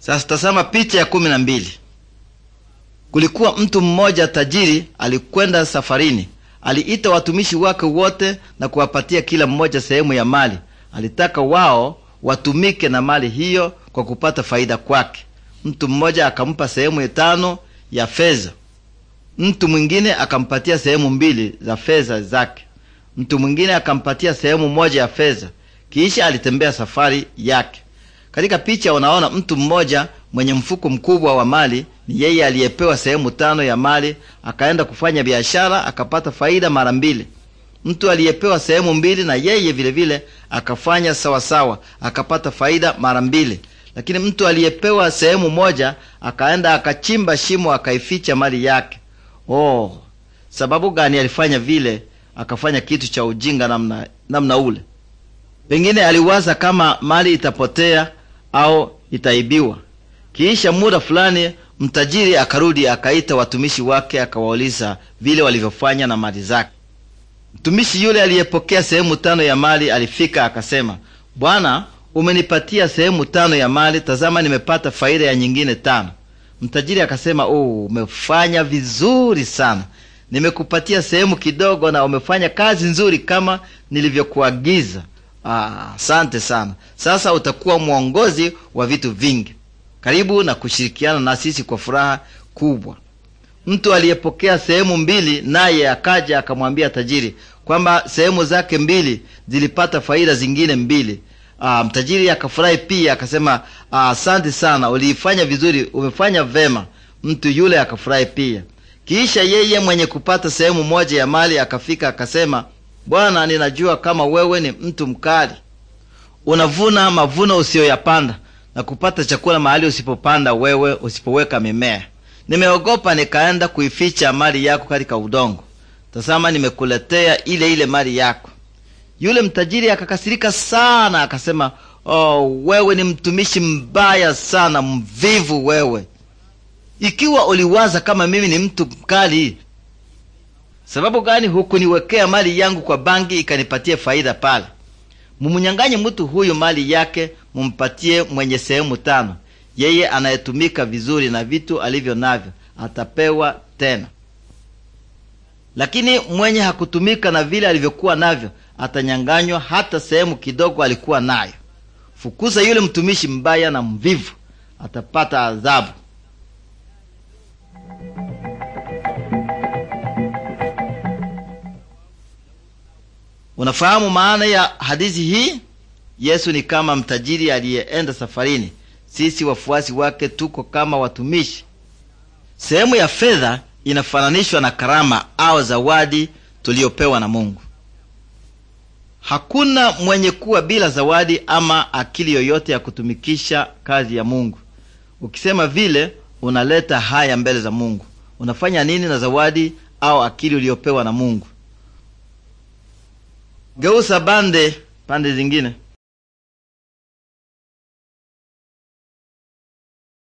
Sasa tazama picha ya kumi na mbili. Kulikuwa mtu mmoja tajiri, alikwenda safarini. Aliita watumishi wake wote na kuwapatia kila mmoja sehemu ya mali. Alitaka wao watumike na mali hiyo kwa kupata faida kwake. Mtu mmoja akampa sehemu tano ya fedha, mtu mwingine akampatia sehemu mbili za fedha zake, mtu mwingine akampatia sehemu moja ya fedha. Kisha alitembea safari yake. Katika picha unaona mtu mmoja mwenye mfuko mkubwa wa mali. Ni yeye aliyepewa sehemu tano ya mali, akaenda kufanya biashara akapata faida mara mbili. Mtu aliyepewa sehemu mbili, na yeye vilevile akafanya sawasawa, akapata faida mara mbili. Lakini mtu aliyepewa sehemu moja akaenda akachimba shimo akaificha mali yake. Oh, sababu gani alifanya vile? Akafanya kitu cha ujinga namna namna ule. Pengine aliwaza kama mali itapotea au itaibiwa. Kiisha muda fulani, mtajiri akarudi akaita watumishi wake akawauliza vile walivyofanya na mali zake. Mtumishi yule aliyepokea sehemu tano ya mali alifika akasema, Bwana, umenipatia sehemu tano ya mali, tazama nimepata faida ya nyingine tano. Mtajiri akasema, oh, umefanya vizuri sana, nimekupatia sehemu kidogo na umefanya kazi nzuri kama nilivyokuagiza. Asante ah, sana. Sasa utakuwa mwongozi wa vitu vingi. Karibu na kushirikiana na sisi kwa furaha kubwa. Mtu aliyepokea sehemu mbili, naye akaja akamwambia tajiri kwamba sehemu zake mbili zilipata faida zingine mbili. Ah, mtajiri akafurahi pia, akasema ah, asante ah, sana, uliifanya vizuri, umefanya vema. Mtu yule akafurahi pia. Kisha yeye mwenye kupata sehemu moja ya mali akafika akasema Bwana, ninajua kama wewe ni mtu mkali, unavuna mavuno usiyoyapanda na kupata chakula mahali usipopanda wewe, usipoweka mimea. Nimeogopa nikaenda kuificha mali yako katika udongo. Tazama, nimekuletea ile ile mali yako. Yule mtajiri akakasirika sana, akasema, oh, wewe ni mtumishi mbaya sana, mvivu wewe! Ikiwa uliwaza kama mimi ni mtu mkali, Sababu gani hukuniwekea mali yangu kwa bangi ikanipatie faida pale? Mumunyang'anye mutu huyu mali yake, mumpatie mwenye sehemu tano. Yeye anayetumika vizuri na vitu alivyo navyo atapewa tena, lakini mwenye hakutumika na vile alivyokuwa navyo atanyang'anywa hata sehemu kidogo alikuwa nayo. Fukuza yule mtumishi mbaya na mvivu, atapata adhabu. Unafahamu maana ya hadithi hii? Yesu ni kama mtajiri aliyeenda safarini. Sisi wafuasi wake tuko kama watumishi. Sehemu ya fedha inafananishwa na karama au zawadi tuliyopewa na Mungu. Hakuna mwenye kuwa bila zawadi ama akili yoyote ya kutumikisha kazi ya Mungu. Ukisema vile, unaleta haya mbele za Mungu. Unafanya nini na zawadi au akili uliyopewa na Mungu? Geuza bande pande zingine.